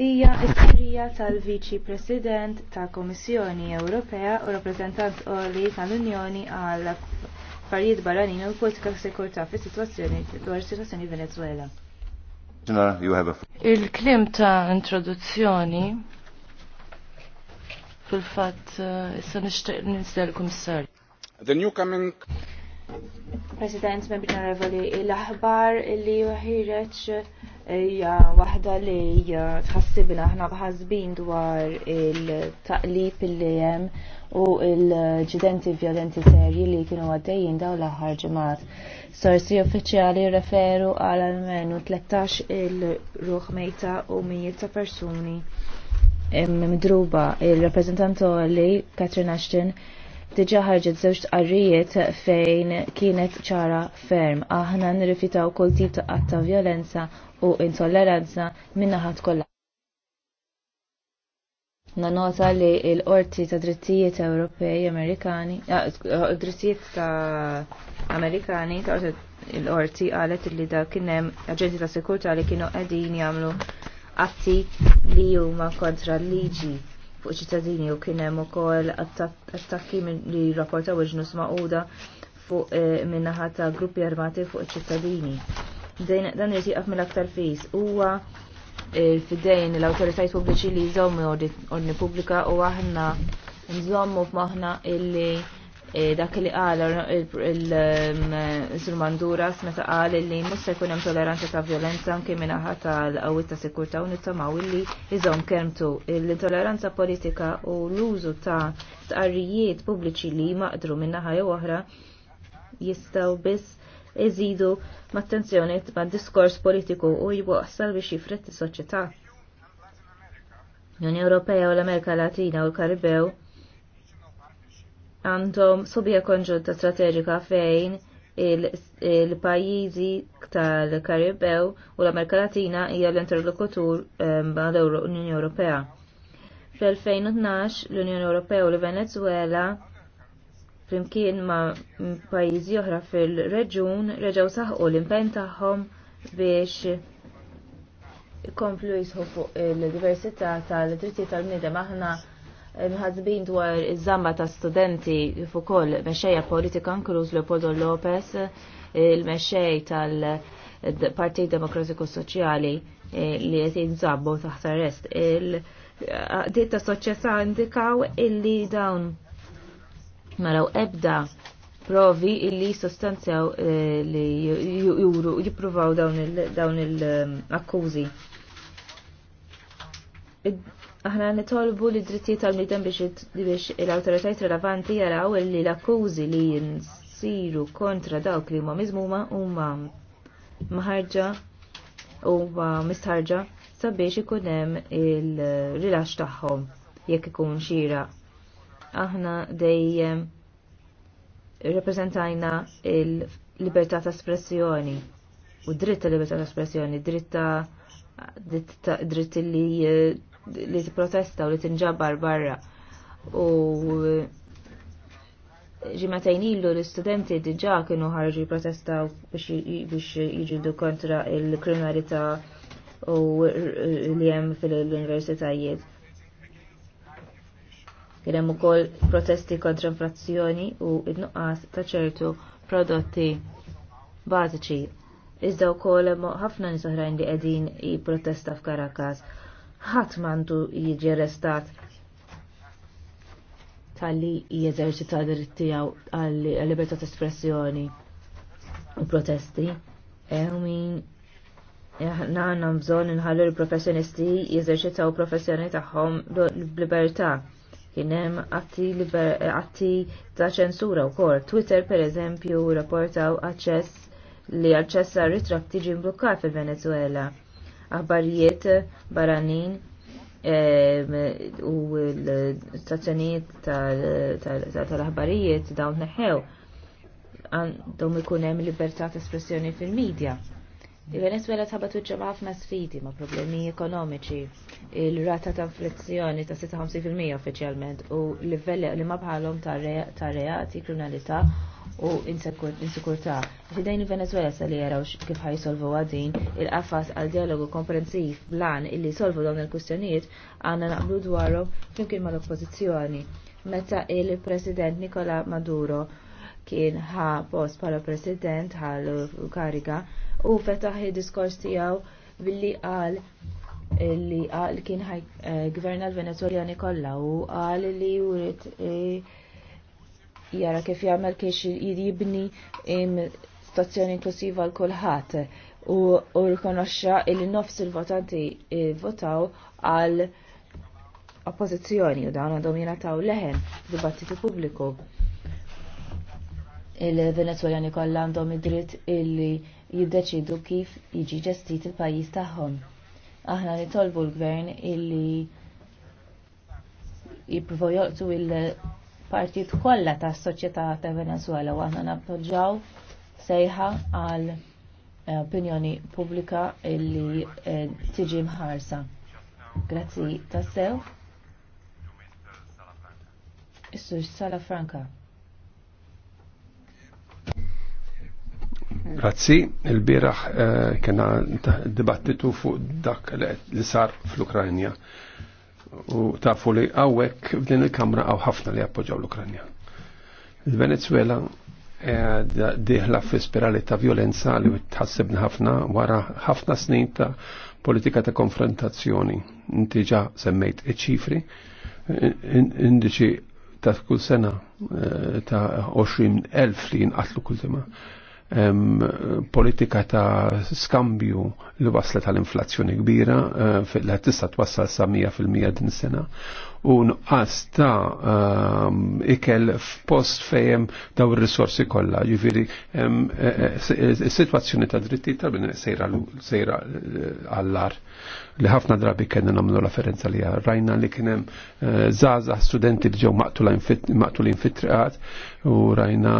hija s-sirija tal-Viċi President tal-Komissjoni Ewropea u rappreżentant Oli tal-Unjoni għal affarijiet barranin u l-politika sekurtà fis-sitwazzjoni dwar is-sitwazzjoni Venezuela. Il-klim ta' introduzzjoni fil-fatt eh, issa nixtieq ninsel kummissar. The new coming President, membri l-aħbar li ħireċ hija waħda li tħassibna aħna bħazbin dwar il-taqlib li hemm u l-ġidenti vjolenti serji li kienu għaddejjin daw l-aħħar ġimgħat. Sorsi uffiċjali referu għal almenu 13 il-ruħ mejta u mijiet ta' persuni. Midruba, il-rappresentant li Katrin Ashton diġa ħarġet żewġ tqarrijiet fejn kienet ċara ferm. Aħna nirrifitaw kull tip ta' qatt ta' violenza u intolleranza minnaħat kollha. Nanota li l-qorti ta' drittijiet Ewropej Amerikani, ah, eh, drittijiet ta' Amerikani, ta' l-qorti qalet li da' kienem aġenti ta' sekurta li kienu qegħdin jagħmlu atti li huma kontra l-liġi fuq ċittadini u kien hemm ukoll attakki li rapportaw ġnus maquda fuq eh, naħa ta' gruppi armati fuq ċittadini. Dan irtiqaf mill-aktar fis huwa eh, fidejn l-autoritajt pubbliċi li jżommu ordni pubblika u aħna nżommu f'maħna illi Eh, dak li qal il-Sur Manduras meta għal li mhux se jkun hemm toleranza ta' violenza anke minaħa tal-qawwiet ta' sekurta u nittamaw illi iżhom kermtu l-intoleranza politika u l-użu ta' tqarrijiet pubbliċi li maqdru minnaħa jew oħra jistgħu biss iżidu mat tenzjoni ma' diskors politiku u għassal biex jifret is-soċjetà. L-Unjoni Ewropea u l-Amerika Latina u l-Karibew għandhom subija konġunta strateġika fejn il-pajjiżi tal-Karibew u l-Amerika Latina hija l-interlokutur mal-Unjoni ehm, Ewropea. Fl-2012 l-Unjoni Ewropea u l-Venezuela flimkien ma' pajjiżi oħra fil-reġun reġgħu saħqu l-impenn tagħhom biex ikomplu jisħu fuq il-diversità tal drittijiet tal-bniedem aħna mħazbin dwar iż-żamba ta' studenti fuq ukoll mexxejja politika inkluż Leopoldo Lopez, il-mexxej tal-Partit Demokratiku Soċjali eh, li qed jinżabbu taħt arrest. Il-qdiet ta' soċjetà indikaw illi dawn maraw ebda provi illi sostanzjaw eh, li juru jippruvaw dawn il-akkużi Aħna nitolbu li dritti tal-midem biex l autoritajt relevanti jaraw li l-akkużi li jinsiru kontra dawk li huma miżmuma huma maħarġa u mistarġa sabiex ikun hemm il-rilax tagħhom jekk ikun xira. Aħna dejjem rappresentajna il-libertà ta' espressjoni u dritt ta' libertà ta' espressjoni, dritt ta' dritt li eh, li t-protesta u li t-inġabbar barra. U ġimatajn ilu l-studenti diġa kienu ħarġu protesta biex jġildu kontra il-kriminalità u li jem fil-universitajiet. Kienem u kol protesti kontra infrazzjoni u id-nuqqas ta' ċertu prodotti bażiċi. Iżda u kol ħafna nisoħrajn li għedin i protesta f'Karakas ħadd m'għandu jiġi arrestat tal-li jeżerċita dritt tiegħu għall-libertà ta' espressjoni u protesti. E, min e, għanna mżon nħallu l-professjonisti jeżerċitaw professjoni tagħhom b'libertà. Kien hemm e, atti ta' ċensura wkoll. Twitter pereżempju rapportaw aċċess li għacċessa għal ritratti ġie mblukkat fil-Venezuela aħbarijiet barranin u l-stazzjonijiet tal-aħbarijiet dawn neħew għandhom ikun hemm libertà ta' espressjoni fil-medja. Il-Venezuela tħabat uġġem ħafna sfidi ma' problemi ekonomiċi, il-rata ta' inflazzjoni ta' 56% uffiċjalment u livelli li ma' bħalhom ta' reati kriminalità u insikurta. Fidejn il-Venezuela sa li jaraw kif solvu għadin il-qafas għal dialogu komprensiv blan illi solvu dawn il-kustjonijiet għanna naqblu dwaru flimkien mal-oppożizzjoni. Meta il-President Nikola Maduro kien ħa post bħala President ħal kariga u fetaħ il-diskors tiegħu billi qal li qal kien ħaj eh, Gvern l Venezuela kollha u qal li jurid eh, jara kif jagħmel kiex jibni stazzjoni inklusiva l kulħadd u rikonoxxa il nofs il-votanti eh, votaw għal oppożizzjoni u dawn għandhom jingħataw leħen dibattitu pubbliku. Il-Venezuelani kollha għandhom id-dritt illi jiddeċidu kif jiġi ġestit il-pajjiż tagħhom. Aħna nitolbu l-gvern illi jippruvaw joqtu il- partit kollha tas soċjetà ta' Venezuela u aħna nappoġġaw sejħa għal eh, opinjoni pubblika illi eh, tiġi mħarsa. Grazzi tassew. Issu Sala Franca. Grazzi, il-biraħ eh, kena dibattitu fuq dak li sar fl-Ukrajna u tafu li għawek f'din il-Kamra għaw ħafna li appoġġaw l-Ukranja. Il-Venezuela diħla fi spirali ta' violenza li tħassibna ħafna wara ħafna snin ta' politika ta' konfrontazzjoni. Inti ġa semmejt iċ-ċifri, indiċi ta' kull sena eh, ta' 20.000 li jinqatlu kull sema politika ta' skambju li waslet tal inflazzjoni kbira eh, li tista' twassal sa' 100% din sena u nuqqas ta' um, ikel f'post fejem daw il-risorsi kollha. Jiġifieri um, ehm, is-sitwazzjoni eh, eh, ta' dritti tal sejra sejra eh, għallar li ħafna drabi kena nagħmlu ferenza li rajna li kien hemm uh, studenti li ġew maqtulin li infitriqat u rajna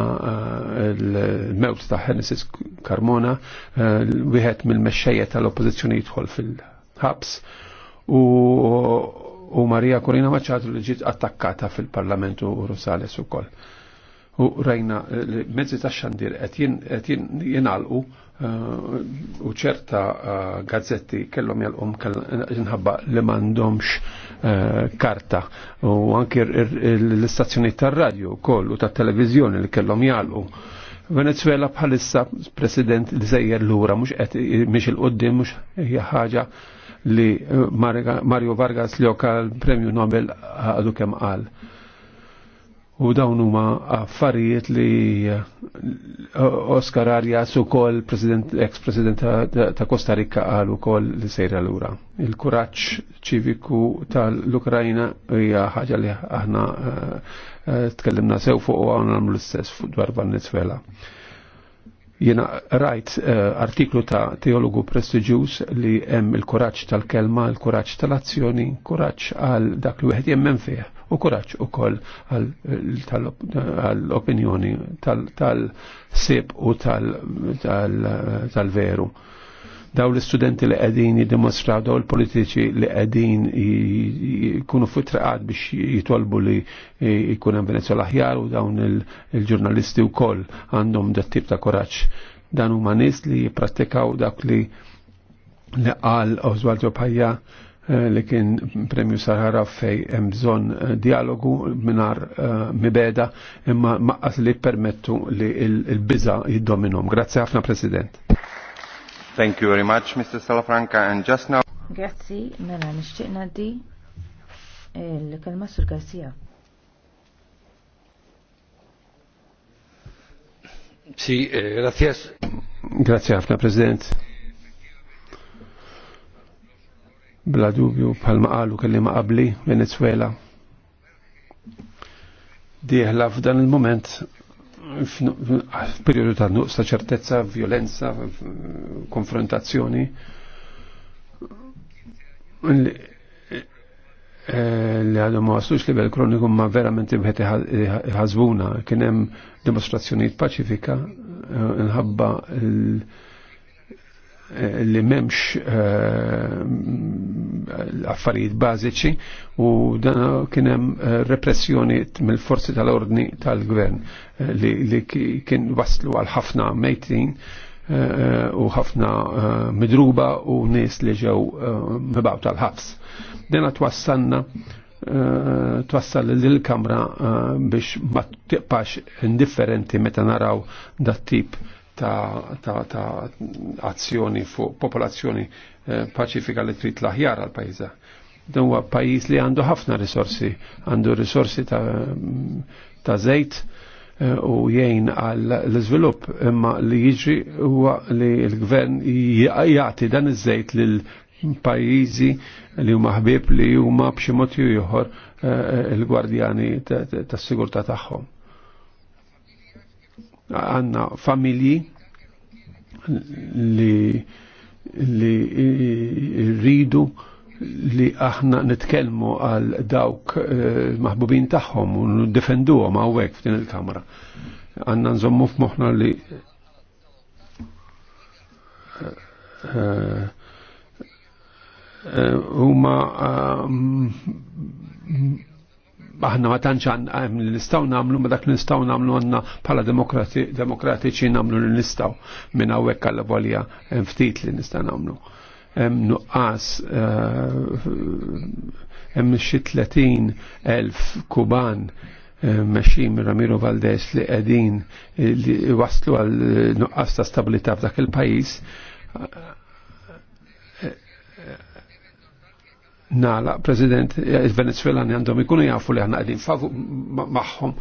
l-mewt ta' Hennessis Carmona wieħed mill-mexxejja tal oppozizjoni jidħol fil-ħabs u u Marija Kurina Maċċat li ġiet attakkata fil-Parlamentu Rusales ukoll. U rajna eh, mezzi ta' xandir qed jingħalqu eh, u ċerta eh, gazzetti kellhom jalqum inħabba li m'għandhomx karta u anke l-istazzjoni tar-radju wkoll u tat-televiżjoni li kellhom jalqu. Venezuela bħalissa president li zejjer lura mhux qed mhix il-qudiem mhux hija ħaġa li eh, Mario Vargas li l premju Nobel għadu kem għal. U dawn huma affarijiet li eh, Oscar Arias u kol president, ex-president ta' Costa Rica għal u kol li sejra l-ura. Il-kuraċ ċiviku tal-Ukrajina hija ħaġa li aħna eh, tkellimna sew fuq u għan l-istess dwar Venezuela. Jena rajt uh, artiklu ta' teologu prestigjus li hemm il-kuraġġ tal-kelma, il-kuraġġ tal-azzjoni, kuraġġ għal dak li wieħed jemmen fih u kuraġġ ukoll għall-opinjoni tal-sib u tal-veru daw l-istudenti li qegħdin jidimostraw daw l-politiċi li qegħdin jkunu fitraqat biex jitolbu li jkun hemm Venezuela ħjar u dawn il-ġurnalisti wkoll għandhom dat tip ta' koraġġ. Dan huma nies li jipprattikaw dak li li qal Oswaldo Pajja eh, li kien premju Sahara fej hemm bżonn eh, dialogu minar eh, mibeda imma maqqas li permettu li l-biża jiddominhom. Grazzi ħafna President. Thank you very much, Mr. Salafranca. And just now... Grazzi, mela, nishtiqna di l kelma sur Garcia. Si, eh, grazzjas. Grazie Afna, President. Bla dubju, palma għalu kelli ma qabli Venezuela. Dieħla f'dan il-moment f'periodu ta' nuqs ta' ċertezza, violenza, konfrontazzjoni. Eh, li għadhom ma waslux livell kroniku ma verament imħet ħażbuna kienem demonstrazzjoniet paċifika eh, nħabba Eh, li memx eh, affarijiet bażiċi u dan kien hemm eh, repressjoni mill-forzi tal-ordni tal-gvern li kien waslu għal ħafna mejtin u ħafna midruba u nies li ġew mibaw tal-ħabs. Dena twassanna twassal l-kamra biex ma tiqpax indifferenti meta naraw dat tip ta', ta, ta azzjoni fuq popolazzjoni eh, paċifika li trid laħjar aħjar għal pajza. Dan huwa pajjiż li għandu ħafna risorsi, għandu risorsi ta', ta zejt eh, u jgħin għal l izvilup imma li jiġri huwa li l-gvern jagħti dan iż-żejt lil pajjiżi li huma ħbieb li huma b'xi mod ieħor eh, il-gwardjani tas-sigurtà tagħhom għanna familji li li rridu li aħna nitkelmu għal dawk eh, maħbubin tagħhom u ndifenduhom hawnhekk f'din il-kamra. Għandna nżommu f'moħħna li eh, eh, huma aħna ma tantx li nistgħu nagħmlu ma dak li nistgħu nagħmlu għandna bħala demokratiċi nagħmlu li nistgħu minn hawnhekk għal volja hemm ftit li nista' nagħmlu. Hemm nuqqas eh, hemm xi elf kuban eh, meċim Ramiro Valdez li qegħdin eh, li waslu għal nuqqas ta' stabilità f'dak il-pajjiż nala, President, il venezuela ni għandhom ikunu jafu li għanna għedin maħħom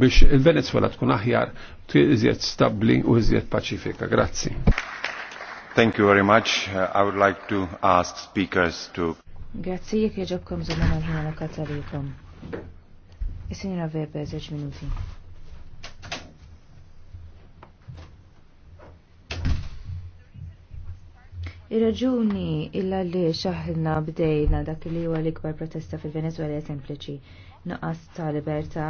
biex il-Venezuela tkun aħjar, t iżjed stabli u iżjed pacifika. Grazzi. Thank you very much. Uh, I would like to ask speakers to... Grazzi jek jġobkom zaman għal ħana għal-katalikom. Is-sinjora Weber, 10 minuti. Ir-raġuni illa li xaħna bdejna dak li huwa l-ikbar protesta fil-Venezuela sempliċi. Nuqqas ta' libertà,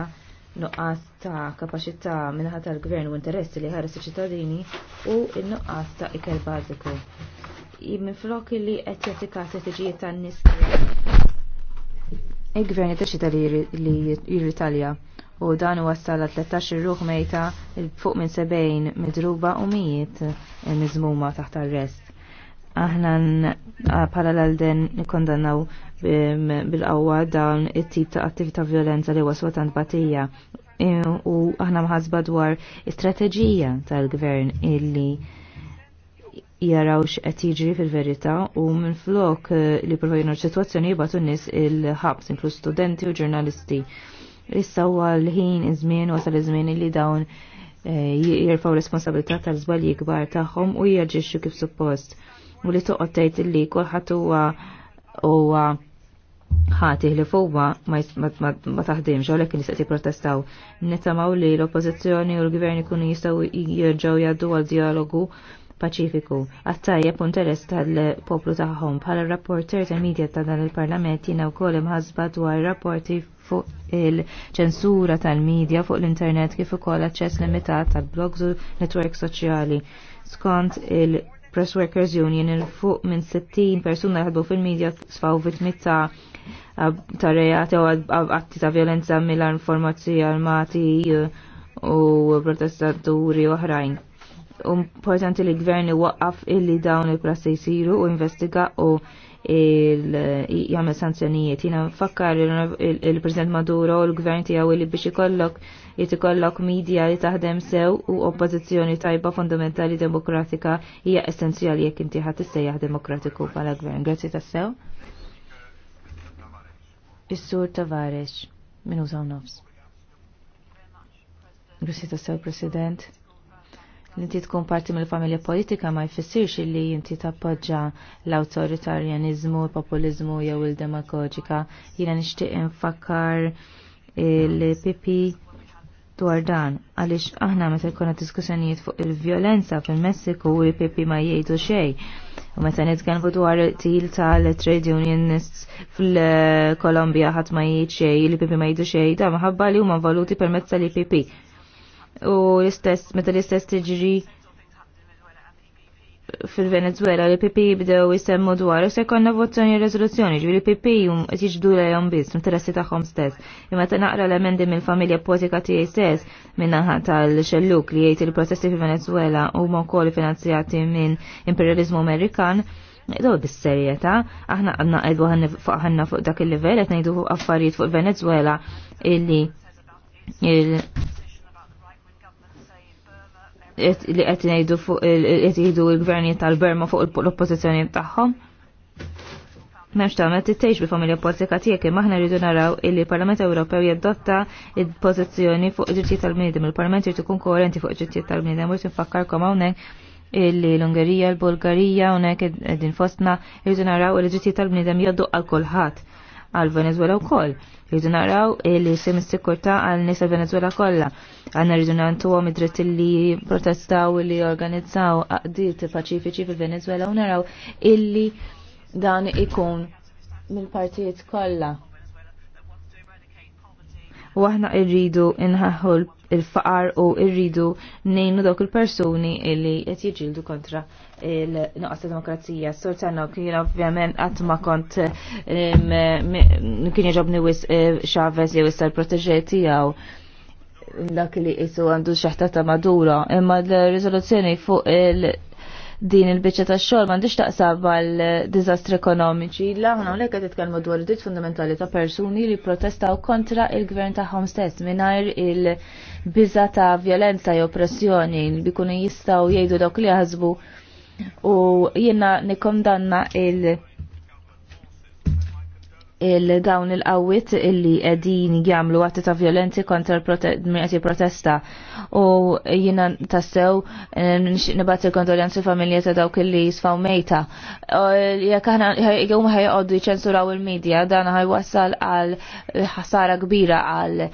nuqqas ta' kapaċità minħat tal-gvern u interessi li ħares ċittadini u nuqqas ta' ikel bażiku. Minn flok li qed jattika strateġijiet tan-nies. Il-gvern jitaxxita li jirritalja u dan wassal 13 ruħ mejta fuq minn 70 midruba u mijiet miżmuma taħt arrest aħna bħala l-alden nikondannaw eh, bil-qawwa dawn it-tip ta' attività violenza li waswa tant batija u aħna mħasba dwar istrateġija tal-gvern illi jarawx qed jiġri fil-verità u minn flok eh, li provajnu situazzjoni jibgħatu nies il-ħabs inklu studenti u ġurnalisti. Issa huwa l-ħin iż-żmien wasal iż-żmien li dawn eh, jirfaw responsabilità tal-żbalji kbar tagħhom u jaġixxu kif suppost u li toqgħod tgħid illi kulħadd huwa huwa ħatih li fuwa ma taħdimx, lekin nistaqsi protestaw. Netamaw li l-oppozizjoni u l-gvern ikunu jistaw jirġaw jaddu għal dialogu paċifiku. Għattajja interess tal-poplu taħħom bħala rapporter ta' media ta' dan il-parlament jina u kolem ħazba dwar rapporti fuq il-ċensura tal-medja fuq l-internet kif ukoll aċċess limitat tal-blogs u netwerk soċjali. Skont il- Press Workers Union il-fuq minn 60 persuna jħadbu fil-medja sfaw vittmi ta' ta' reati u atti ta' violenza mill formazzjoni armati uh, u protestaturi oħrajn. Importanti li gvern waqqaf illi dawn il-prassi jisiru u investiga u jagħmel sanzjonijiet. Jina nfakkar il-President Maduro u l-Gvern tiegħu li biex ikollok jitikollok ikollok media li taħdem sew u oppożizzjoni tajba fundamentali demokratika hija essenzjali jekk inti ħadd issejjaħ demokratiku bħala gvern. Grazzi sew. Is-Sur Tavares minn użaw nofs. Grazzi sew, President inti tkun parti mill-familja politika ma jfissirx li inti tappoġġa l autoritarianizmu il-populizmu jew il-demagogika. Jiena nixtieq infakkar il-PP dwar dan għaliex aħna meta jkollna diskussjonijiet fuq il-vjolenza fil-Messiku u l-PP ma jgħidu xejn. U meta nitkellmu dwar til tal-trade unionists fil-Kolombja ħadd ma jgħid xejn, il-PP ma jgħidu xejn, da minħabba li huma valuti permezz tal-IPP u l-istess, meta l-istess tiġri fil-Venezuela l PP bdew jisemmu dwar se konna votazzjoni rezoluzzjoni l PP jum jiġdu l jom biz interessi taħħom stess. Imma ta' naqra l-emendi mill-familja politika tiegħi stess minnaħa tal-xelluk li jgħid il-protesti fil-Venezuela u ma' wkoll finanzjati minn imperializmu Amerikan. Daw bis-serjetà, aħna għandna qegħdu ħanna fuq dak il-livell qed ngħidu affarijiet fuq Venezuela illi li qed ngħidu fuq qed jgħidu l-gvernijiet tal-Berma fuq l-oppożizzjoni tagħhom. Memx ma tittejx bil-familja politika tiegħek imma aħna rridu naraw illi l-Parlament Ewropew jaddotta l pożizzjoni fuq ġittijiet tal-bniedem. Il-Parlament jrid ikun koerenti fuq ġittijiet tal-bniedem, u tinfakkarkom hawnhekk illi l-Ungerija, l-Bulgarija, unek din fostna, jirridu naraw il-ġittijiet tal-bniedem jaddu għal kulħadd għal Venezuela u koll. Rridu naraw li sem sikurta għal nisa Venezuela kollha. Għanna rridu nantu għom id-dritt li protestaw li organizzaw għaqdiet paċifiċi fil-Venezuela u naraw illi dan ikun mill-partijiet kollha u aħna irridu inħaħu il-faqar u irridu nejnu dawk il-persuni illi qed jiġildu kontra il ta' demokrazija. Sortano kien ovvjament qatt ma kont kien jaġobni wis eh, Chavez jew issa l-proteġe tiegħu dak li qisu għandu xaħta ta' madura, imma l-riżoluzzjoni fuq il- din il-biċċa tax-xogħol m'għandix taqsab l diżastri ekonomiċi. La aħna hawnhekk qed titkellmu dwar id fundamentali ta' persuni li protestaw kontra il-gvern tagħhom stess mingħajr il-biża ta' violenza jew oppressjoni li bikunu jistgħu jgħidu dawk li jaħsbu u jiena nikkondanna il- il-dawn il-qawwit illi qegħdin jagħmlu atti ta' violenzi kontra l-qed protesta u jiena tassew eh, nibgħat il-kondoljanzi familja ta' dawk illi jisfaw mejta. Jekk aħna huma ħajqogħdu jċensuraw il-medja dan ħajwassal għal ħsara kbira għal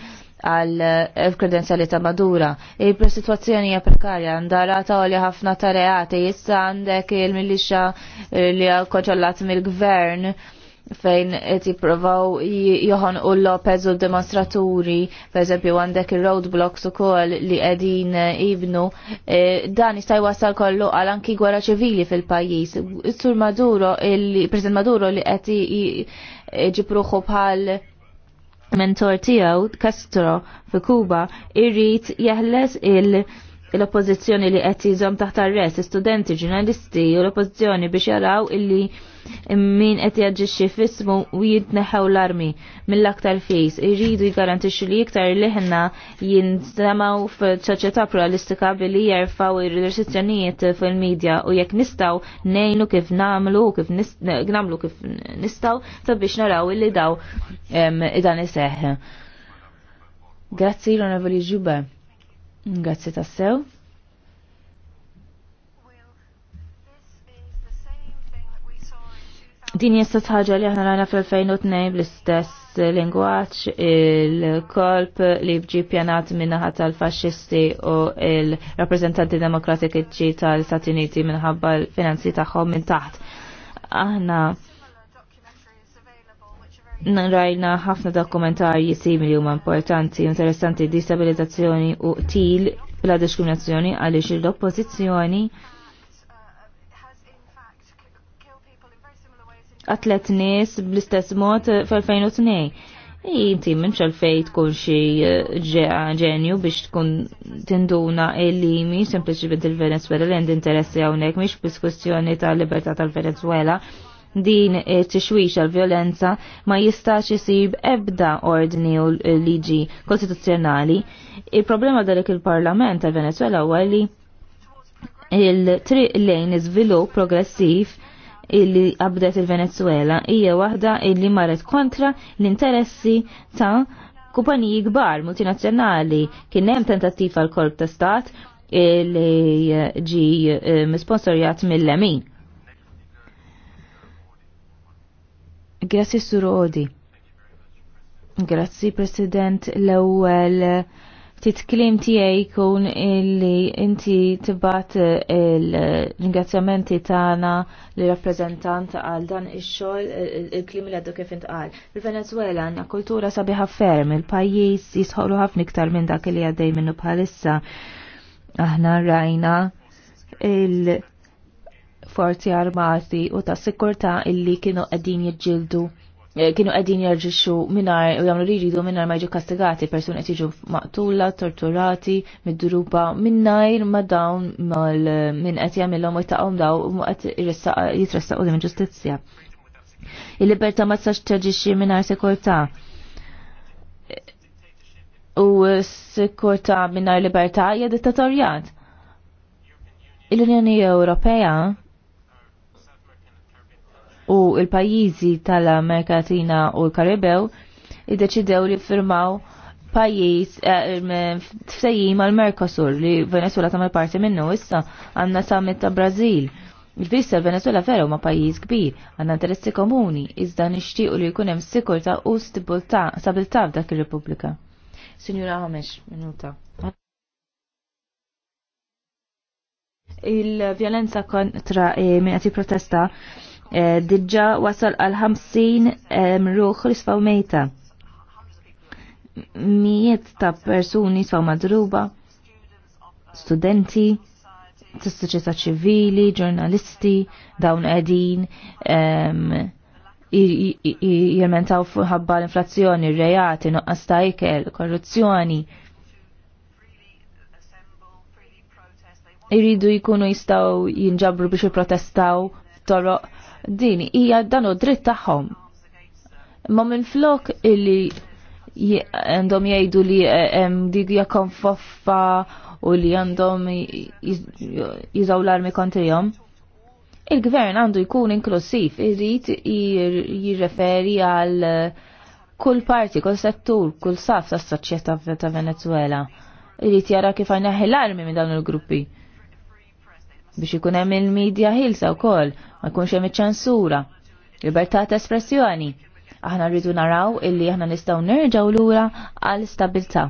għal eh, kredenzjali ta' madura. Il-situazzjoni hija prekarja, ndarata għolja ħafna ta' reati, jissa għandek il-milixa eh, li għal mill-gvern fejn qed jippruvaw joħon u Lopez u demonstraturi, pereżempju għandek il-roadblocks ukoll li qegħdin eh, ibnu, eh, dan jista' wasal kollu għal anki gwerra ċivili fil-pajjiż. Sur Maduro, il-President Maduro li qed ġipruħu bħal mentor tiegħu Castro fi Kuba irrit jeħles il- l-oppozizjoni li qed jizom taħt arrest, studenti, ġurnalisti u l-oppozizjoni biex jaraw illi min qed jaġġixxi f'ismu u jitneħew l-armi mill-aktar fejs irridu jgarantixxu li iktar li ħna jinsemgħu f'soċjetà pluralistika billi jerfaw ir-restrizzjonijiet fil-medja u jekk nistgħu ngħinu kif nagħmlu kif nagħmlu kif nistgħu sabiex naraw illi daw dan iseħħ. Grazzi l-Onorevoli Ġuba. Grazzi tassew. Din jessa ħaġa li aħna rajna fil-2002 bl-istess lingwaċ il-kolp li bġi pjanat minnaħa tal-fasċisti u il-rappresentanti demokratiċi tal-Stati Uniti minħabba l-finanzi tagħhom minn taħt. Aħna rajna ħafna dokumentarji simili huma importanti, interessanti, disabilitazzjoni u til bla diskriminazzjoni għaliex il oppożizzjoni Atlet nies bl-istess mod fl-2002. Inti minn xalfej tkun xie eh, ġenju biex tkun tinduna illi limi sempliciment il-Venezuela l-end interessi għawnek miex kustjoni ta' libertà tal-Venezuela din eh, tixwix għal-violenza ma jistax jisib ebda ordni u liġi kostituzzjonali. Il-problema dalek il-Parlament tal-Venezuela huwa li il-triq lejn izvilu progressiv illi qabdet il-Venezuela hija waħda illi marret kontra l-interessi ta' kumpaniji kbar multinazzjonali kien hemm tentattiv għal korp ta' stat li eh, ġi eh, sponsorjat mill-lemin. Grazzi Surodi. Grazzi President l-ewwel titklim tiegħi jkun illi inti tibat eh, il-ringrazzjamenti tagħna li rappreżentant għal dan ix-xogħol eh, il-klim li għaddu kif intqal. Il-Venezuela għandna kultura sabiħa ferm, il-pajjiż jisħolu ħafna iktar minn dak li għaddej minnu bħalissa. Aħna rajna il- forzi armati u ta' sikurta illi kienu qegħdin jiġġieldu Eh, kienu għedin jarġiċu minnar u jamlu li jridu minar ma jġu kastigati, persuni għet jġu maqtula, torturati, mid-duruba, minnajr ma dawn eh, minn għet jamillom u jtaqom daw u għet jitressaq u minn ġustizja. Il-liberta ma t-ġiċi minnar sekurta. U sekurta minnar liberta hija dittatorjat. Il-Unjoni Ewropea u il-pajjiżi tal-Amerika Latina u l-Karibew iddeċidew li firmaw pajjiż eh, f'sejjim għal mercosur li Venezuela tamel parti minnu issa għandna summit ta' Brażil. Il-Vista Venezuela veru ma' pajjiż kbir, għanna interessi komuni, iżda nixtiequ li jkun hemm ta' u stabilta' f'dak ir-Repubblika. Signora Ħamex, minuta. Il-vjolenza kontra eh, min qed protesta Eh, diġa wasal għal 50 ruħ li sfaw mejta. Mijiet ta' persuni sfaw madruba, studenti, t soċjetà ċivili, ġurnalisti, dawn qegħdin jilmentaw fuħabba l-inflazzjoni, r-rejati, nuqqas ta' ikel, korruzzjoni. Iridu jkunu jistaw jinġabru biex jiprotestaw Toro toroq din hija danu dritt tagħhom. Ma minn flok illi għandhom jgħidu li eh, didja konfoffa u li għandhom jizaw l-armi kontrijom. Il-gvern għandu jkun inklusiv, irrit jirreferi għal eh, kull parti, kull settur, kull saf tas soċjetà ta' Venezuela. Irrit jara kif għajna l-armi minn dawn il-gruppi biex ikun hemm il-medja ħilsa wkoll, ma jkunx hemm iċ-ċensura, libertà ta' espressjoni. Aħna rridu naraw illi aħna nistgħu nerġgħu lura għal stabilità.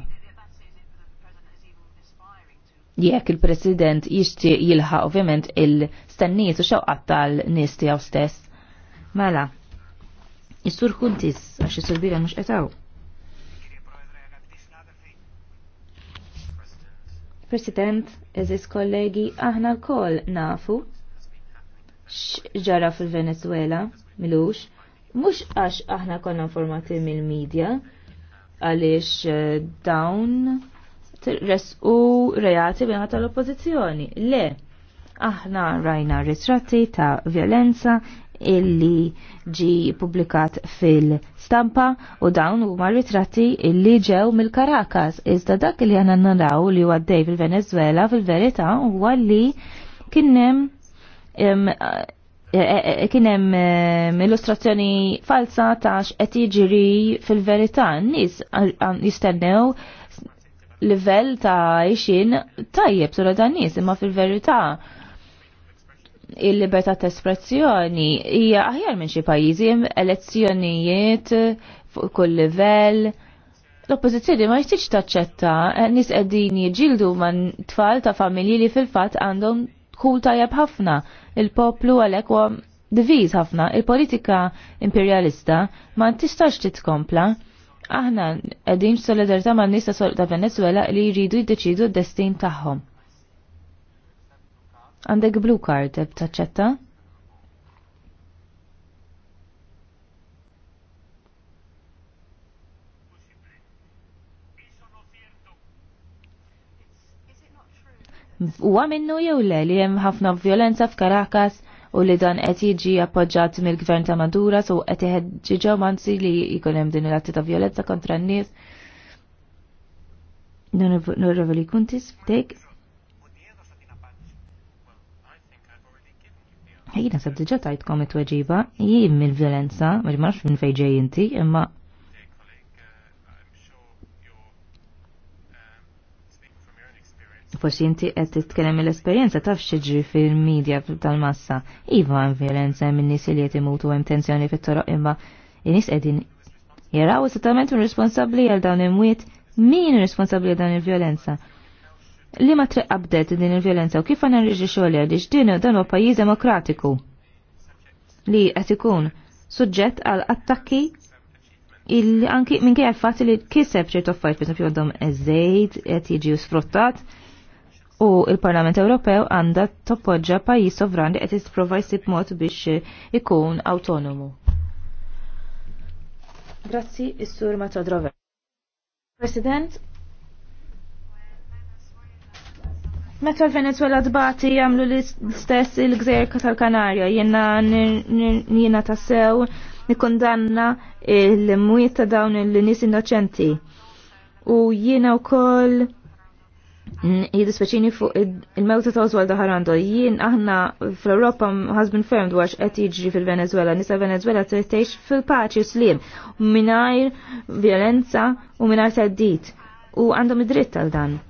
Jekk il-President jixtieq jilħaq ovvjament il-stennijiet u xewqat tal-nies tiegħu stess. Mela, is-sur kuntis għax is-sur mhux qed President, eżis kollegi, aħna kol nafu x'ġara fil-Venezuela, milux, mux għax aħna konna informati mill-medja għaliex eh, dawn resqu reati bina tal-oppozizjoni. Le, aħna rajna ritratti ta' violenza, illi ġi publikat fil-stampa u dawn huma ritratti illi ġew mill-Karakas. Iżda dak li għanna naraw li għaddej fil-Venezuela fil-verità huwa li kienem e, e, e, kienem illustrazzjoni falsa ta' x'qed jiġri fil-verità. Nis jistennew livell ta' ixin tajjeb sura ta' nies imma fil-verità il-libertà ta' espressjoni hija aħjar minn xi pajjiżi hemm elezzjonijiet fuq kull livell. L-oppożizzjoni ma jistix taċċetta eh, nies qegħdin jiġildu man tfal ta' familji li fil-fatt għandhom kul tajjeb ħafna. Il-poplu għalhekk huwa diviż ħafna. Il-politika imperialista ma tistax titkompla. Aħna qegħdin solidarità man-nies ta' Venezuela li jridu jiddeċidu d-destin tagħhom. Għandek blue card, taċċetta? Huwa minnu jew le li hemm ħafna violenza f'Karakas u li dan qed jiġi appoġġjat mill-gvern ta' Madura so qed iħeġġiġew manzi li jkun hemm din il atti ta' violenza kontra n-nies. Nirreveli kuntis f'dejk. Ejna sa diġa tajtkom it-tweġiba, jien mill-violenza, ma marx minn fejġej inti, imma Forsi inti qed titkellem mill-esperjenza taf xieġri fil-medja tal-massa. Iva għan violenza minn nis li qed imutu hemm tensjoni fit-toroq imma in-nies qegħdin jaraw esattament un responsabbli għal dawn imwiet min responsabli għal dawn il-violenza li ma triq abdet din il-violenza u kif għana nirġiċu għalija li ġdin dan huwa pajjiż demokratiku li qed ikun suġġett għal attakki illi anki minn kej għalfat li kiseb ċertu affarijiet pereżempju għandhom eżejt qed jiġi sfruttat u il-Parlament Ewropew għandha toppoġġa pajjiż sovran li qed jisprova jisib mod biex ikun autonomu. Grazzi, is-Sur Matodrove. President, Meta l-Venezuela dbati jamlu l-istess il-gżer tal-Kanarja, njena tassew nikondanna il-mwiet ta' dawn il-nis innoċenti. U jiena u koll jidispeċini fuq il-mewta ta' Oswald Harando. Jien aħna fl-Europa ħazbin ferm dwar x'qed jiġri fil-Venezuela. Nisa Venezuela tgħix fil-paċi u slim mingħajr violenza u mingħajr teddit. U għandhom id-dritt għal dan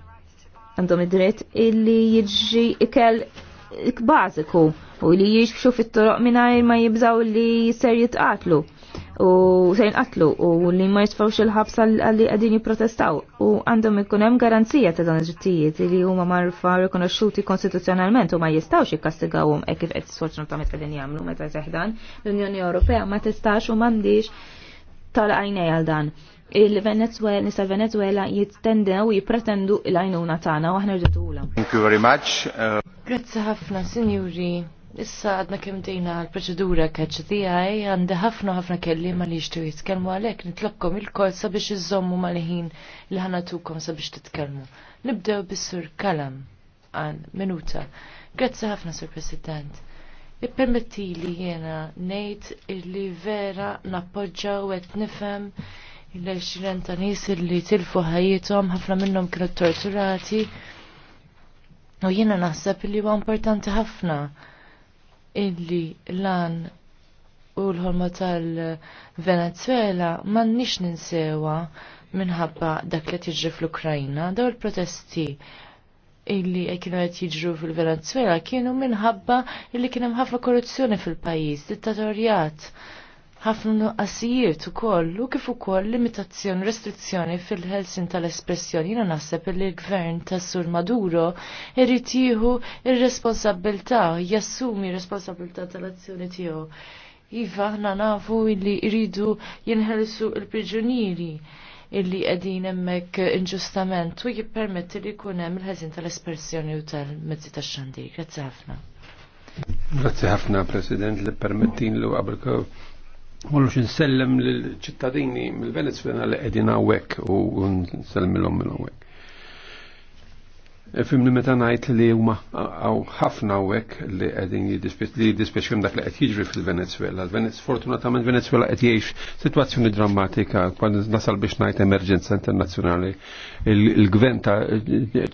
għandhom id-dritt illi jiġi ikel bażiku u li jiexbxu fit-toroq mingħajr ma jibżaw li ser jitqatlu u ser jinqatlu u li ma jitfawx il-ħabs għalli qegħdin jipprotestaw u għandhom ikun hemm garanzija ta' dan il-ġittijiet li huma marfa rikonoxxuti konstituzzjonalment u ma jistgħux jikkastigawhom hekk kif qed ta' qegħdin jagħmlu meta seħdan l-Unjoni Ewropea ma tistax u m'għandix tal għajnej għal dan il-Venezuela, nisa Venezuela jittendew jipretendu l-għajnuna tagħna u aħna rritula. Thank you very much. Grazzi ħafna, signori. Issa għadna kem dejna l-proċedura kaċ tiegħi għandi ħafna ħafna ma li jixtiequ jitkellmu għalhekk nitlokkom il-kol sabiex iżommu mal-ħin li tukom sabiex titkellmu. Nibdew bis-sur Kalam għan minuta. Grazzi ħafna, Sur President. Ippermetti li jena nejt illi vera nappoġġa u għet nifem l-20 ta' nis li tilfu ħajjithom, ħafna minnhom kienu torturati. U jiena naħseb li huwa importanti ħafna illi lan u l-ħolma tal-Venezuela m'għandniex ninsewa minħabba dak li tiġri fl-Ukrajna, daw il-protesti illi kienu qed jiġru fil-Venezuela kienu minħabba illi kien hemm ħafna korruzzjoni fil-pajjiż, dittatorjat ħafna nuqqasijiet ukoll u kif ukoll limitazzjoni restrizzjoni fil-ħelsin tal-espressjoni jiena naħseb li l-gvern tas Sur Maduro irid jieħu ir-responsabilità, jassumi r-responsabilità tal-azzjoni tiegħu. Iva, ħna nafu illi jridu jinħelsu il-priġunieri illi qegħdin hemmhekk inġustament u jippermetti li jkun hemm il ħelsin tal-espressjoni u tal-mezzi tax-xandir. Grazzi ħafna. Grazzi ħafna, President, li permettin li qabel xin sellem l-ċittadini mill-Venezuela li qegħdin hawnhekk u nsellmilhom mill hawnhekk. Fimni meta ngħid li huma għaw ħafna hawnhekk li qegħdin li dak li qed jiġri fil-Venezuela. Fortunatament Venezuela qed jgħix sitwazzjoni drammatika kwan nasal biex najt emerġenza internazjonali. Il-gvern ta'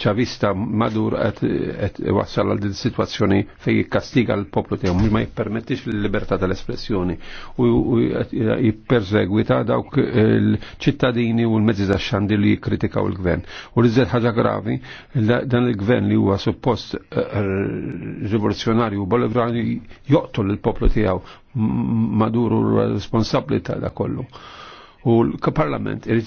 ċavista Madur għed wassal għal din sitwazzjoni fejn jikkastiga l-poplu tiegħu ma jippermettix l-libertà tal-espressjoni u ta' dawk il-ċittadini u l-mezzi tax-xandi li jikkritikaw il-gvern. U l ħaġa gravi dan il-gvern li huwa suppost eh, eh, rivoluzjonarju Bolivrani Bolivran joqtol il-poplu tiegħu maduru responsabli ta' da kollu. U l-Parlament irid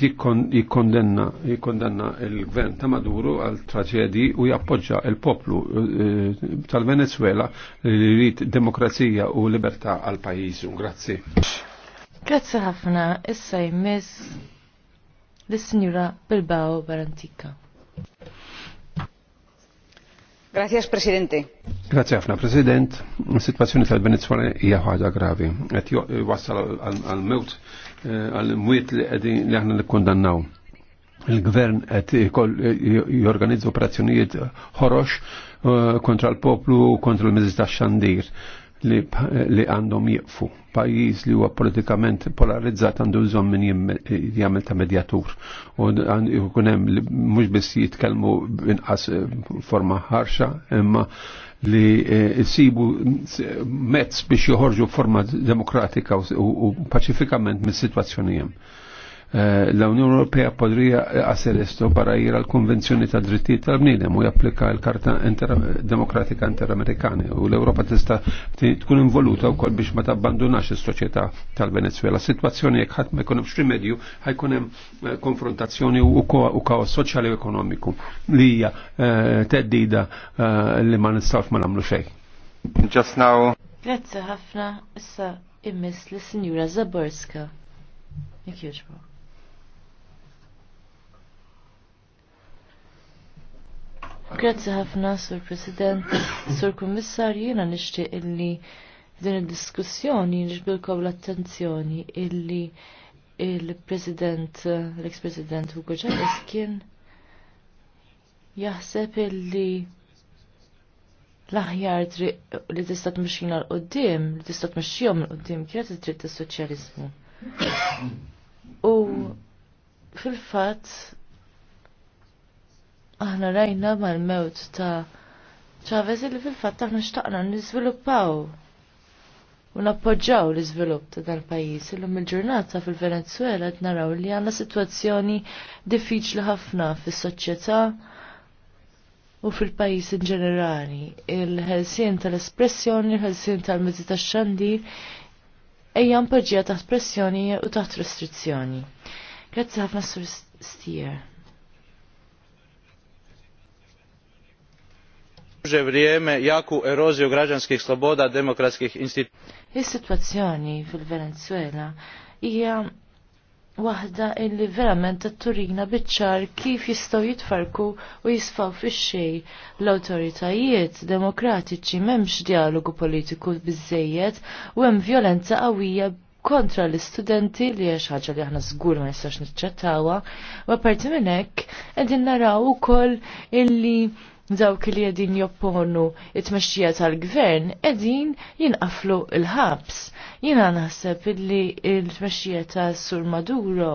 jikondenna jikkondenna il-gvern ta' Maduro għal traġedi u jappoġġa il-poplu eh, tal-Venezuela li jrid demokrazija u libertà għal pajjiżu. Grazzi. Grazzi ħafna, issa jmiss l signora Bilbao Barantika. Grazie, Presidente. Grazie ħafna, President. Situazzjoni tal-Venezuela hija ħaġa gravi. Qed wassal għal-mewt eh, għal-mwiet li aħna nikkondannaw. Il-gvern qed jorganizza operazzjonijiet ħorox eh, kontra l-poplu, kontra l-miżita xandir li għandhom jiqfu. Pajjiż li huwa politikament polarizzat għandu bżonn min jagħmel ta' medjatur. U jkun hemm li mhux biss jitkellmu inqas eh, forma ħarxa, imma li jsibu eh, mezz biex joħorġu forma demokratika u paċifikament mis-sitwazzjoni hemm. Eh, l-Unjoni Ewropea podrija għaselestu barra jira l-Konvenzjoni ta' drittijiet tal-bniedem u japplika l-Karta Demokratika Interamerikani u l-Ewropa tista' tkun involuta wkoll biex ma tabbandunax is-soċjetà tal-Venezuela. Situazzjoni jekk ħadd ma jkun rimedju ħajkun hemm eh, konfrontazzjoni u kaos soċjali u ekonomiku li hija eh, teddida li ma nistgħux ma nagħmlu xejn. Just now. ħafna issa immiss l Sinjura Zaborska. you, jogħġbok. Grazzi ħafna, Sur President, Sur Kommissar, jiena nixtieq illi din id-diskussjoni nixbilkom l-attenzjoni illi il-President, l-ex-President Hugo Chavez kien jaħseb illi l-aħjar li tista' mxin għal qoddim li tista' tmexxihom għal qoddim kienet id-dritt tas-soċjaliżmu. U fil-fatt aħna rajna mal-mewt ta' Chavez li fil-fatt aħna xtaqna niżviluppaw u nappoġġaw l-iżvilupp ta' dal-pajjiż illum il-ġurnata fil-Venezuela qed naraw li għandna sitwazzjoni diffiċli ħafna fis-soċjetà u fil-pajis in ġenerali. Il-ħelsien tal-espressjoni, il-ħelsien tal-mezzi tax-xandi ejja mpoġġija taħt pressjoni u taħt restrizzjoni. Grazzi ħafna sur stier. duże vrijeme jaku eroziju građanskih sloboda demokratskih institucija. Is-sitwazzjoni fil-Venezuela hija waħda illi verament turina bitċar kif jistaw jitfarku u jisfaw fix l autoritajiet demokratiċi memx dialogu politiku bizzejiet u hemm violenza qawwija kontra l-istudenti li għax ħaġa li għahna zgur ma jistax niċċettawha, u apparti minn hekk qegħdin u koll illi dawk li qegħdin jopponu it-tmexxija tal-gvern qegħdin jinqaflu l-ħabs. Jiena naħseb li il tmexxija ta' Sur Maduro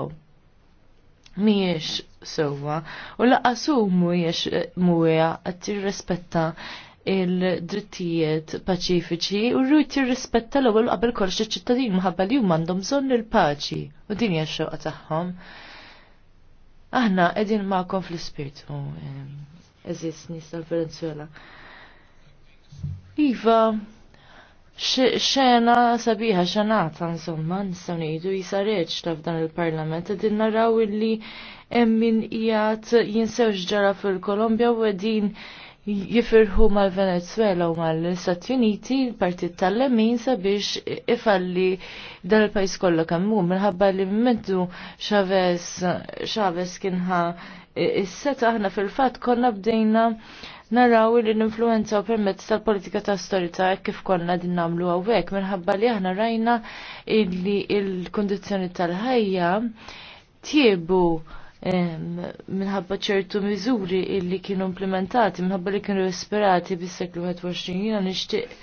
mhijiex sewwa u laqasu hu muja eh, mhuwa qed tirrispetta il-drittijiet paċifiċi u rrid rispetta l-ewwel qabel kollox iċ-ċittadin minħabba li huma għandhom bżonn il-paċi u din hija x-xewqa tagħhom. Aħna qegħdin magħkom fl-ispirtu eh, eżis nis tal-Venezuela. Iva, xena sabiħa xanata, insomma, nistaw nejdu jisareċ ta' f'dan il-parlament, din naraw illi emmin ijat jinsew ġara fil-Kolombja u għedin jifirħu mal-Venezuela u mal-Stati Uniti l-partit tal-lemin sabiex ifalli dan il-pajis kollha kemmu minħabba li mmettu xaves, xaves kienħa is-seta aħna fil-fatt konna bdejna naraw li l-influenza u permezz tal-politika ta' storita kif konna din namlu għawek minħabba li aħna rajna illi il-kondizjoni tal-ħajja tiebu minħabba ċertu miżuri illi kienu implementati, minħabba li kienu esperati bis-seklu 21 jina nixtieq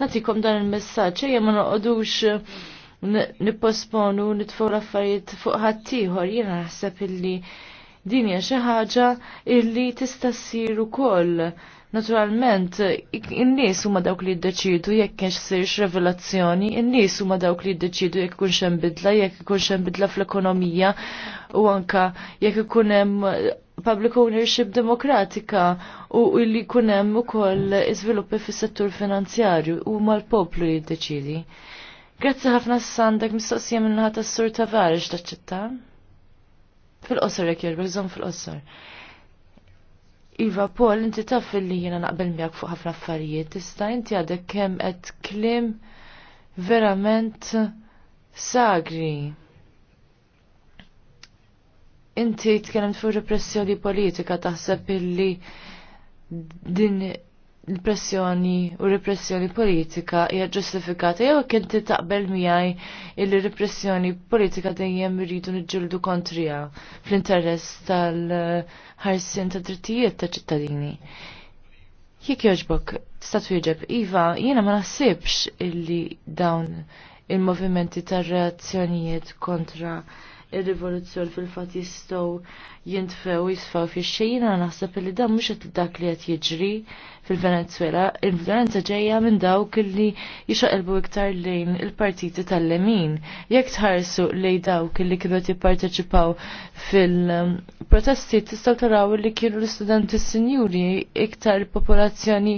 natikom dan il-messaġġ ejja ma noqogħdux nipposponu nitfgħu l-affarijiet fuq ħaddieħor jiena naħseb illi Din hija xi ħaġa illi tista' ssir ukoll. Naturalment, in-nies huma dawk li jiddeċidu jekk kienx sirx revelazzjoni, in-nies huma dawk li jiddeċidu jekk ikunx hemm bidla, jekk ikunx hemm bidla fl-ekonomija u anka jekk ikun hemm public ownership demokratika u illi jkun hemm ukoll iżviluppi fis settur finanzjarju u mal-poplu jiddeċidi. Grazzi ħafna s-sandek mistoqsija minnaħat s-sur tavarix taċċetta. Fil-qosor jek jirba, zon fil-qosor. Iva, Paul, inti taf li jena naqbel miak fuq ħafna affarijiet, tista' inti għadek kemm qed klim verament sagri. Inti tkellimt fuq repressjoni politika taħseb illi din l-pressjoni u repressjoni politika hija ġustifikata jew kien ti taqbel miegħi illi repressjoni politika dejjem iridu niġġieldu kontrija fl-interess tal-ħarsien ta' drittijiet ta' ċittadini. Jekk jogħġbok, tista' twieġeb iva, jiena ma naħsibx illi dawn il-movimenti tar-reazzjonijiet kontra il-rivoluzzjon fil-fat jistow jintfew jisfaw fi xejjina naħseb li dan mhux dak li qed jiġri fil-Venezuela, il-violenza ġejja minn dawk li jixaqilbu iktar lejn il-partiti tal-lemin. Jekk tħarsu lejn dawk li kienu jipparteċipaw fil-protesti tistaw taraw li kienu l-istudenti sinjuri iktar popolazzjoni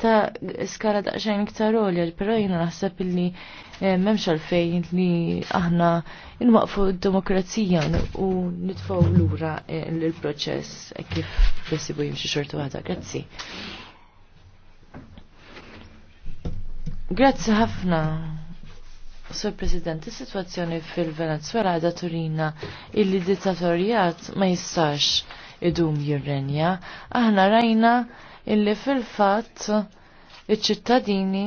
ta' skala daqsxejn iktar olja, però jiena naħseb illi eh, memx għalfejn li aħna nwaqfu d-demokrazija u nitfaw l-ura eh, l-proċess kif bessibu jimxie xortu għada. Grazzi. Grazzi ħafna. Sur President, is-sitwazzjoni fil-Venezuela għadha turina illi dittatorijat ma jistax idum jirrenja. Aħna rajna illi fil-fatt iċ-ċittadini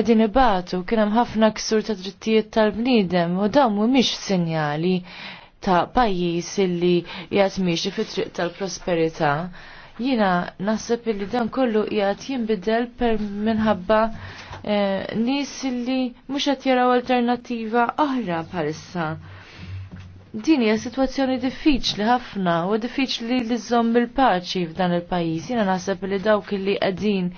edin ibatu kien hemm ħafna ksur ta' drittijiet tal-bniedem u dawn mhumiex sinjali ta' pajjiż illi jgħat miexi fit-triq tal-prosperità. Jina naħseb li dan kollu qiegħed jinbidel per minħabba eh, li mhux qed jaraw alternattiva oħra bħalissa din hija sitwazzjoni diffiċli ħafna u diffiċli li żomm il-paċi f'dan il-pajjiż. Jiena naħseb li dawk li qegħdin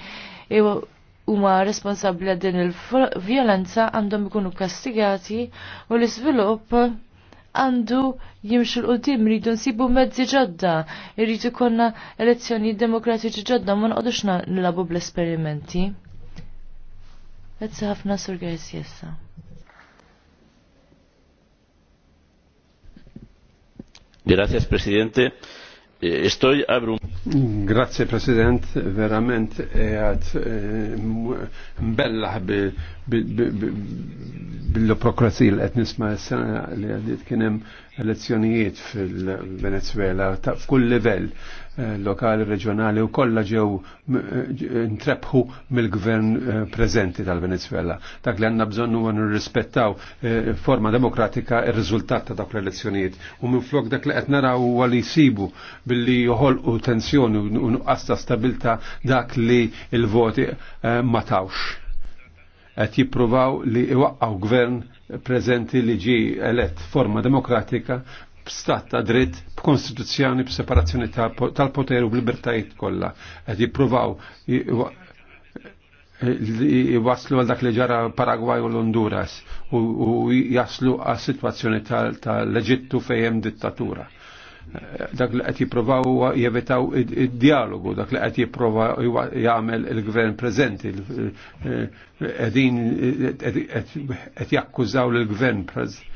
huma responsabbli għal din il-vjolenza għandhom ikunu kastigati u l-iżvilupp għandu jimxu l-qoddim, rridu nsibu mezzi ġodda, rridu konna elezzjoni demokratiċi ġodda, ma nqodux nilabu bl-esperimenti. Għedzi ħafna Sur jessa. Grazie Presidente. Istoj għabru. Grazie President, verament e għad e, mbellaħ bil-prokrazija li għed nisma li għadit kienem elezzjonijiet fil-Venezuela f'kull livell Eh, lokali, reġjonali u kollha ġew eh, eh, ntrebħu mill-gvern preżenti tal-Venezuela. Dak li għandna bżonn huwa nirrispettaw forma demokratika r-riżultat e ta' dawk l-elezzjonijiet. U minflok dak li qed naraw huwa li jsibu billi joħolqu tensjoni u nuqqas ta' stabilta dak li l-voti ma tawx. Qed jippruvaw li iwaqqgħu gvern preżenti li ġi elett forma demokratika b'stat ta' dritt, b'konstituzzjoni, b'separazzjoni tal-poter u b'libertajiet kollha. Qed jippruvaw waslu għal dak li ġara Paragwaj u l-Honduras u jaslu għal situazzjoni tal-Eġittu fejem dittatura. Dak li qed jippruvaw jevitaw id-dialogu, dak li qed jipprova jagħmel il-gvern preżenti, eh, qegħdin qed jakkużaw lill-gvern preżenti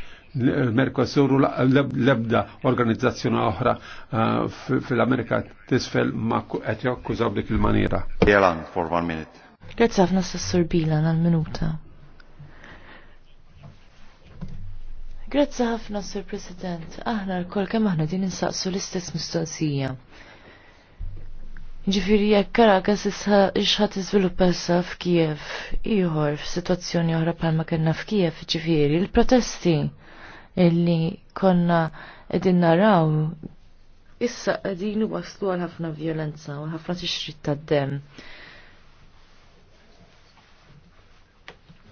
Mercosur l-ebda organizzazzjoni oħra eh, fil-Amerika tisfel ma qed jokkużaw dik il-maniera. Jelan, for one minute. Grazie ħafna s-sur Bilan għal-minuta. Grazzi ħafna, Sir President. Aħna l-kol kemm aħna din insaqsu l-istess mistoqsija. Ġifiri jekk Karakas ixħat iżviluppa issa f'Kiev ieħor f'sitwazzjoni oħra bħalma kellna f'Kiev, ġifiri l-protesti illi konna qegħdin naraw issa qegħdin waslu għal ħafna violenza u ħafna t-ixrit tad-dem.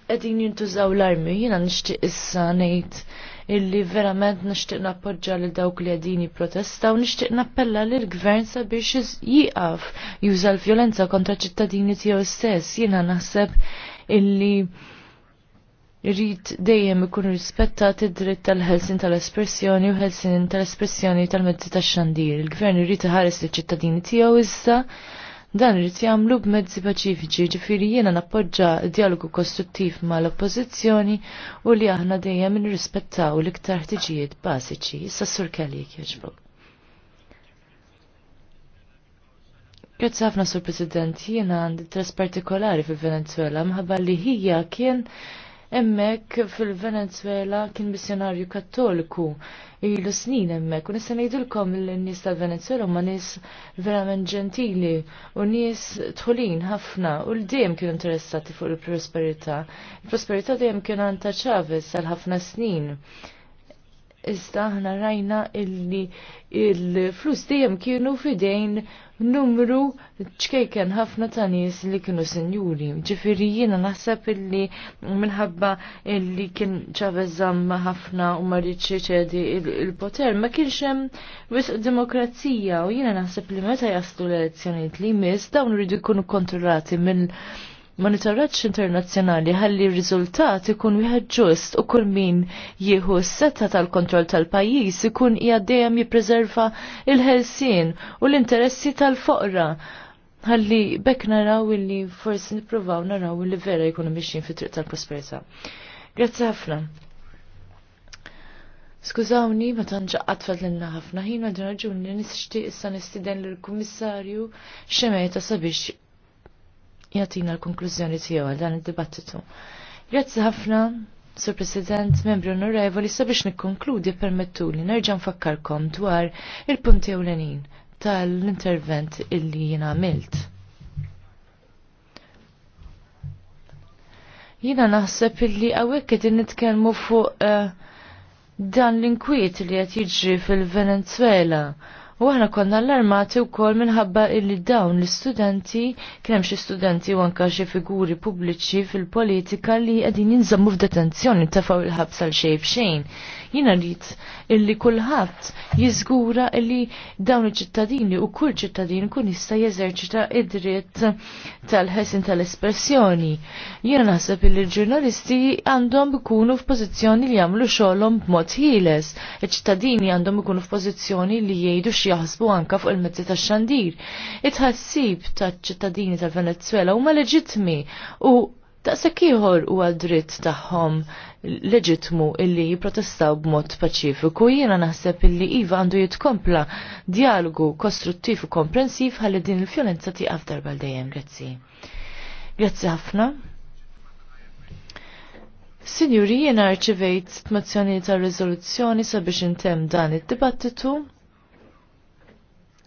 Qegħdin jintużaw l-armi, jiena nixtieq issa ngħid illi verament nixtieq nappoġġa lil dawk li qegħdin jipprotesta u nixtieq nappella l gvern sabiex jieqaf juża l-vjolenza kontra ċittadini tiegħu stess. Jiena naħseb illi irrid dejjem ikun rispettat id-dritt tal-ħelsin tal-espressjoni u ħelsin tal-espressjoni tal-mezzi tax-xandir. Il-gvern irrid iħares liċ-ċittadini tiegħu issa dan irrid jagħmlu b'mezzi paċifiċi, ġifieri jiena nappoġġa dialogu kostruttiv mal-oppożizzjoni u li aħna dejjem nirrispettaw l-iktar ħtiġijiet bażiċi. Issa sur Kelly jogħġbok. Grazzi ħafna sur President, jiena għandi tres partikolari fil-Venezuela, mħabba li hija kien emmek fil-Venezuela kien missionarju kattoliku ilu snin emmek. U nisa ngħidilkom l-nies tal-Venezuela ma nies verament ġentili u nies tħolin ħafna u l-dejjem kienu interessati fuq il-prosperità. Il-prosperità dejjem kien għanta ċavis għal ħafna snin iżda aħna rajna illi il-flus dejjem kienu fidejn numru ċkejken ħafna ta' nies li kienu senjuri. Ġifiri jiena naħseb illi minħabba illi kien ċavezzam ħafna u marriċ ċedi il-poter ma kienx hemm wisq demokrazija u jiena naħseb li meta jaslu l-elezzjonijiet li jmiss dawn rridu jkunu kontrollati mill monitoraġġ internazzjonali ħalli r-riżultat ikun wieħed ġust u kull min jieħu s-setta tal-kontroll tal-pajjiż ikun hija dejjem jippreserva il-ħelsien u l-interessi tal-foqra. Ħalli bekk naraw illi forsi nippruvaw naraw illi vera jkunu mixjin fit-triq tal-prosperità. Grazzi ħafna. Skużawni, ma tanġaqqat fadlinna ħafna ħin għadin raġuni nixtieq issa nistiden lill kummissarju xemeta sabiex jatina l-konklużjoni tiegħu għal dan id-dibattitu. Grazzi ħafna, Sur President, membri onorevoli, sabiex nikkonkludi permettu li nerġa' nfakkarkom dwar il-punti ewlenin tal-intervent illi jien għamilt. Jina naħseb illi għawek qed nitkellmu fuq uh, dan l-inkwiet li qed jiġri fil-Venezuela U aħna konna allarmati wkoll minħabba illi dawn l-istudenti kienem xie xi studenti u anke xi figuri pubbliċi fil-politika li qegħdin jinżammu f'detenzjoni tafgħu il-ħabs għal xejn Jina Jiena illi kulħadd jiżgura illi dawn il ċittadini u kull ċittadin kun jista' jeżerċita id-dritt tal ħessin tal-espressjoni. Jiena naħseb illi l-ġurnalisti għandhom ikunu f'pożizzjoni li jagħmlu xogħolhom b'mod ħieles. Iċ-ċittadini għandhom ikunu f'pożizzjoni li jgħidu jaħsbu anka fuq il-mezzi ta' xandir. It-ħassib ta' ċittadini ta' Venezuela huma leġitmi u ta' sekkiħor u għadritt tagħhom leġitmu illi jiprotestaw b'mod paċifiku, jiena naħseb illi Iva għandu jitkompla dialogu kostruttiv u komprensiv ħalli din il ti għafdar darba dejjem. Grazzi. Grazzi ħafna. Sinjuri, jiena rċivejt mozzjoni ta' rezoluzzjoni sabiex intem dan id-dibattitu.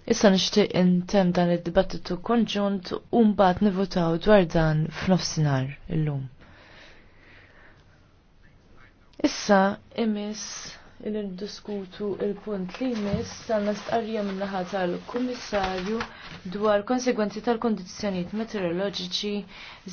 Issa nixtieq intem dan id-dibattitu konġunt u mbagħad nivutaw dwar dan f'nofsinhar illum. Issa imis il-diskutu il-punt li jmiss sanna stqarrija minnaħa tal-Kummissarju dwar konsegwenzi tal-kondizjoniet meteoroloġiċi